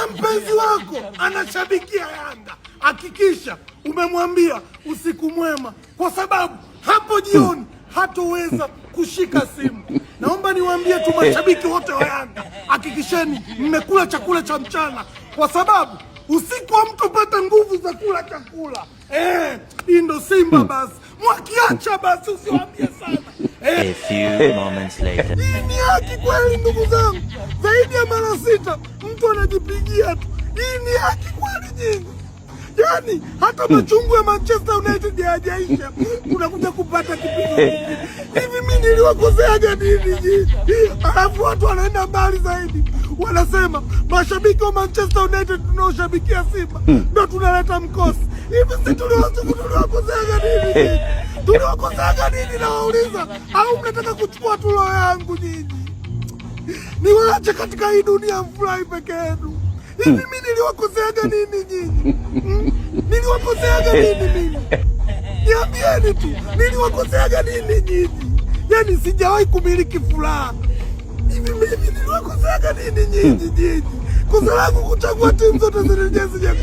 kama mpenzi wako anashabikia Yanga, hakikisha umemwambia usiku mwema, kwa sababu hapo jioni hatoweza kushika simu. Naomba niwaambie tu mashabiki wote wa Yanga, hakikisheni mmekula chakula cha mchana, kwa sababu usiku hamtopata nguvu za kula chakula. Eh, hii ndo Simba basi, mwakiacha basi, usiwaambie sana. Eh! A few eh! moments later. Hii ni haki kweli, ndugu zangu, zaidi ya mara sita mtu anajipigia tu. Hii ni haki kweli nyingi, yaani hata hmm. machungu ya Manchester United hayajaisha tunakuja kupata kipigo hivi. Mimi niliwakoseaje nini jini? Alafu watu wanaenda mbali zaidi, wanasema mashabiki wa Manchester United tunaoshabikia Simba hmm. ndo tunaleta mkosi hivi si tunawakosaga nini? Tunawakosaga nini? Nawauliza, au mnataka kuchukua tulo yangu nyinyi? Niwaache katika hii dunia mfurahi peke yenu. Hivi mimi niliwakoseaga nini nyinyi? Hmm? Niliwakoseaga nini mimi? Niambieni tu, niliwakoseaga nini nyinyi? Yaani sijawahi kumiliki furaha. Hivi mimi niliwakoseaga nini nyinyi nyinyi? Kosa langu kuchagua timu zote zenye